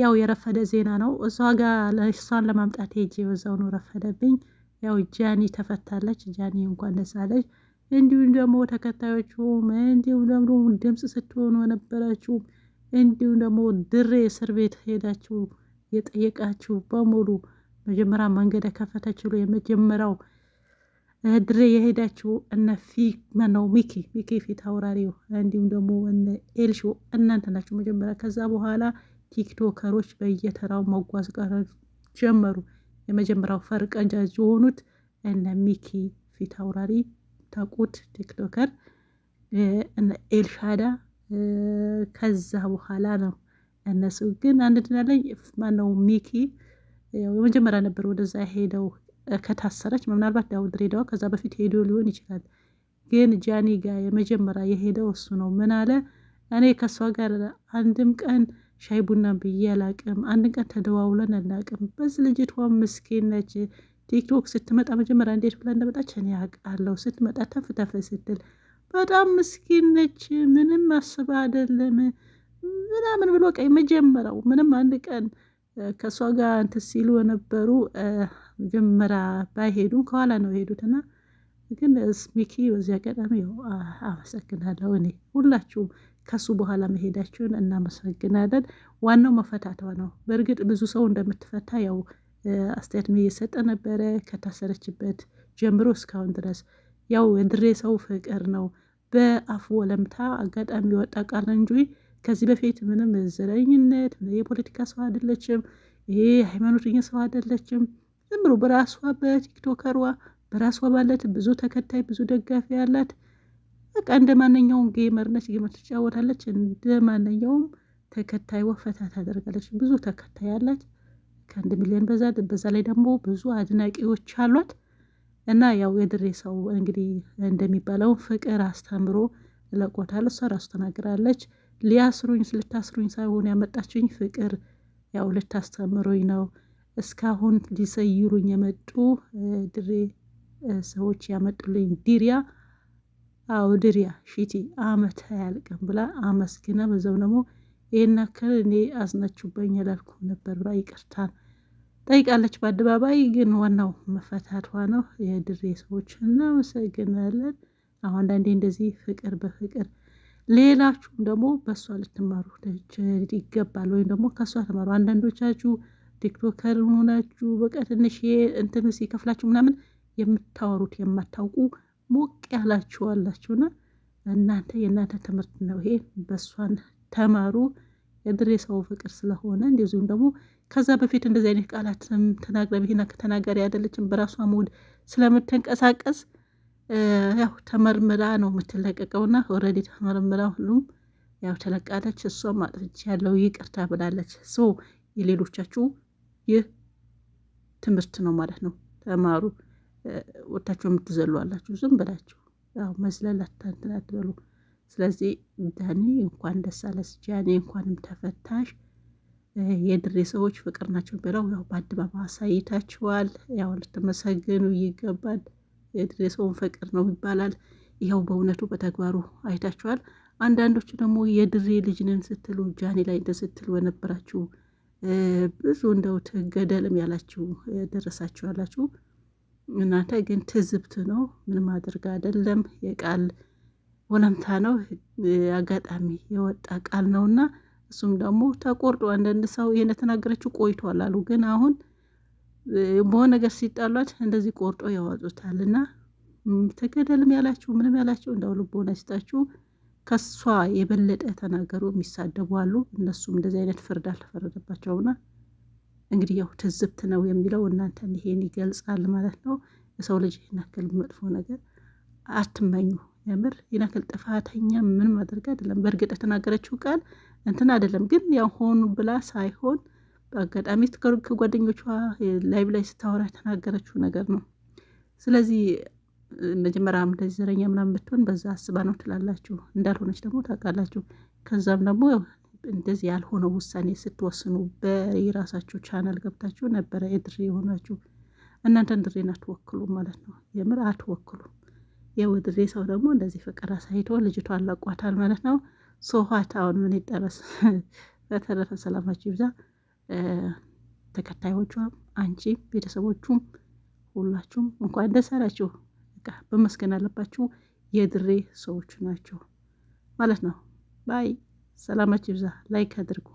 ያው የረፈደ ዜና ነው። እሷ ጋር ለእሷን ለማምጣት ሄጅ በዛው ነው ረፈደብኝ። ያው ጃኒ ተፈታለች። ጃኒ እንኳን ደስ አለች። እንዲሁም ደግሞ ተከታዮቹም እንዲሁም ደግሞ ድምፅ ስትሆኑ ነበራችሁ። እንዲሁም ደግሞ ድሬ እስር ቤት ሄዳችሁ የጠየቃችሁ በሙሉ መጀመሪያ መንገድ ከፈተችሉ የመጀመሪያው ድሬ የሄዳችሁ እነ ፊ ነው ሚኪ ሚኪ ፊት አውራሪው እንዲሁም ደግሞ እነ ኤልሾ እናንተ ናችሁ መጀመሪያ ከዛ በኋላ ቲክቶከሮች በየተራው መጓዝ ጀመሩ። የመጀመሪያው ፈርቀዳጅ የሆኑት እነ ሚኪ ፊት አውራሪ ታቁት ቲክቶከር ኤልሻዳ ከዛ በኋላ ነው። እነሱ ግን አንድ ላይ ማነው ሚኪ የመጀመሪያ ነበር ወደዛ ሄደው ከታሰረች ምናልባት ያው ድሬዳዋ ከዛ በፊት ሄዶ ሊሆን ይችላል። ግን ጃኒ ጋር የመጀመሪያ የሄደው እሱ ነው። ምን አለ እኔ ከእሷ ጋር አንድም ቀን ሻይ ቡና ብዬ አላቅም። አንድ ቀን ተደዋውለን አናቅም። በዚህ ልጅቷ ምስኪን ነች። ቲክቶክ ስትመጣ መጀመሪያ እንዴት ብላ እንደመጣች እኔ አውቃለሁ። ስትመጣ ተፍ ተፍ ስትል በጣም ምስኪን ነች። ምንም አስባ አይደለም ምናምን ብሎ ቀይ መጀመሪያው ምንም አንድ ቀን ከእሷ ጋር እንትን ሲሉ የነበሩ መጀመሪያ ባይሄዱም ከኋላ ነው የሄዱትና ግን ሚኪ በዚህ አጋጣሚ አመሰግናለሁ እኔ ሁላችሁም ከሱ በኋላ መሄዳችሁን እናመሰግናለን። ዋናው መፈታቷ ነው። በእርግጥ ብዙ ሰው እንደምትፈታ ያው አስተያየት እየሰጠ ነበረ። ከታሰረችበት ጀምሮ እስካሁን ድረስ ያው የድሬ ሰው ፍቅር ነው። በአፍ ወለምታ አጋጣሚ ወጣ ቃል እንጂ ከዚህ በፊት ምንም ዘረኝነት፣ የፖለቲካ ሰው አይደለችም። ይሄ ሃይማኖተኛ ሰው አይደለችም። ዝም ብሎ በራሷ በቲክቶከሯ በራሷ ባለት ብዙ ተከታይ ብዙ ደጋፊ ያላት በቃ እንደ ማንኛውም ጌመር ነች፣ ጌመር ትጫወታለች። እንደ ማንኛውም ተከታይ ወፈታ ታደርጋለች። ብዙ ተከታይ አላት ከአንድ ሚሊዮን በዛ በዛ ላይ ደግሞ ብዙ አድናቂዎች አሏት። እና ያው የድሬ ሰው እንግዲህ እንደሚባለው ፍቅር አስተምሮ ለቆታል። እሷ ራሱ ተናግራለች። ሊያስሩኝ ልታስሩኝ ሳይሆን ያመጣችኝ ፍቅር ያው ልታስተምሩኝ ነው። እስካሁን ሊሰይሩኝ የመጡ ድሬ ሰዎች ያመጡልኝ ዲሪያ ድሪያ ሺቲ አመት አያልቅም ብላ አመስግና በዛው ደግሞ ይህን ያክል እኔ አዝናችሁብኝ አላልኩም ነበር ብላ ይቅርታን ጠይቃለች። በአደባባይ ግን ዋናው መፈታቷ ነው። የድሬ ሰዎች እናመሰግናለን። አሁን አንዳንዴ እንደዚህ ፍቅር በፍቅር ሌላችሁም ደግሞ በእሷ ልትማሩ ይገባል፣ ወይም ደግሞ ከእሷ ተማሩ። አንዳንዶቻችሁ ቲክቶከር ሆናችሁ በቃ ትንሽ እንትን ሲከፍላችሁ ምናምን የምታወሩት የማታውቁ ሞቅ ያላችኋላችሁና እናንተ የእናንተ ትምህርት ነው ይሄ። በእሷን ተማሩ። የድሬ ሰው ፍቅር ስለሆነ እንደዚሁም ደግሞ ከዛ በፊት እንደዚህ አይነት ቃላት ተናግረ ብሄና ከተናጋሪ አይደለችም። በራሷ ሙድ ስለምትንቀሳቀስ ያው ተመርምራ ነው የምትለቀቀውና ኦልሬዲ ተመርምራ ሁሉም ያው ተለቃለች። እሷም አጥፍቼ ያለው ይቅርታ ብላለች። ሶ የሌሎቻችሁ ይህ ትምህርት ነው ማለት ነው። ተማሩ። ወታችሁ የምትዘሉ አላችሁ። ዝም ብላችሁ ያው መዝለል አታንትን አትበሉ። ስለዚህ ዳኒ እንኳን ደስ አለሽ፣ ጃኒ እንኳንም ተፈታሽ። የድሬ ሰዎች ፍቅር ናቸው ብለው ያው በአደባባይ አሳይታችኋል። ያው ልትመሰግኑ ይገባል። የድሬ ሰውን ፍቅር ነው ይባላል። ይኸው በእውነቱ በተግባሩ አይታችኋል። አንዳንዶቹ ደግሞ የድሬ ልጅ ነን ስትሉ ጃኒ ላይ እንደ ስትሉ የነበራችሁ ብዙ እንደው ገደልም ያላችሁ ደረሳችኋላችሁ ያላችሁ እናንተ ግን ትዝብት ነው። ምንም አድርግ አይደለም። የቃል ወለምታ ነው። አጋጣሚ የወጣ ቃል ነውና እሱም ደግሞ ተቆርጦ አንዳንድ ሰው ይህን ተናገረችው ቆይቷል አሉ። ግን አሁን በሆነ ነገር ሲጣሏት እንደዚህ ቆርጦ ያወጡታል እና ተገደልም ያላችሁ ምንም ያላችሁ እንደው ልቦና ሲጣችሁ ከሷ የበለጠ ተናገሩ የሚሳደቡ አሉ። እነሱም እንደዚህ አይነት ፍርድ አልተፈረደባቸውና እንግዲህ ያው ትዝብት ነው የሚለው እናንተ ይሄን ይገልጻል ማለት ነው። የሰው ልጅ ይህን መጥፎ ነገር አትመኙ። የምር ይናክል ጥፋተኛ ምንም አድርጋ አይደለም። በእርግጥ የተናገረችው ቃል እንትን አይደለም፣ ግን ያው ሆኑ ብላ ሳይሆን በአጋጣሚ ከጓደኞቿ ላይብ ላይ ስታወራ የተናገረችው ነገር ነው። ስለዚህ መጀመሪያ እንደዚህ ዘረኛ ምናምን ብትሆን በዛ አስባ ነው ትላላችሁ፣ እንዳልሆነች ደግሞ ታውቃላችሁ። ከዛም ደግሞ እንደዚህ ያልሆነ ውሳኔ ስትወስኑ በየራሳችሁ ቻናል ገብታችሁ ነበረ የድሬ የሆናችሁ እናንተን ድሬን አትወክሉ ማለት ነው። የምር አትወክሉም። የውድሬ ሰው ደግሞ እንደዚህ ፍቅር አሳይቶ ልጅቷ አላቋታል ማለት ነው። ሶኋት አሁን ምን ይጠረስ። በተረፈ ሰላማችሁ ይብዛ። ተከታዮቿ፣ አንቺ፣ ቤተሰቦቹም ሁላችሁም እንኳን ደስ አላችሁ። በቃ በመስገን አለባችሁ። የድሬ ሰዎች ናቸው ማለት ነው። ባይ ሰላማችሁ ይብዛ። ላይክ አድርጉ።